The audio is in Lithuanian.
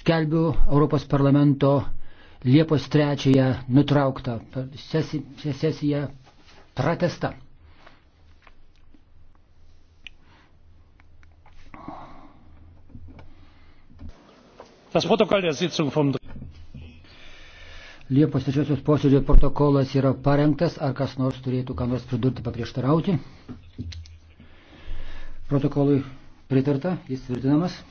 skelbiu Europos parlamento Liepos 3 nutrauktą sesiją pratestą. Das Protokoll der Sitzung vom Liepos 3 posėdžio protokolas yra parengtas, ar kas nors turėtų ką nors pridurti, paprieštarauti. Protokolui pritarta, jis tvirtinamas.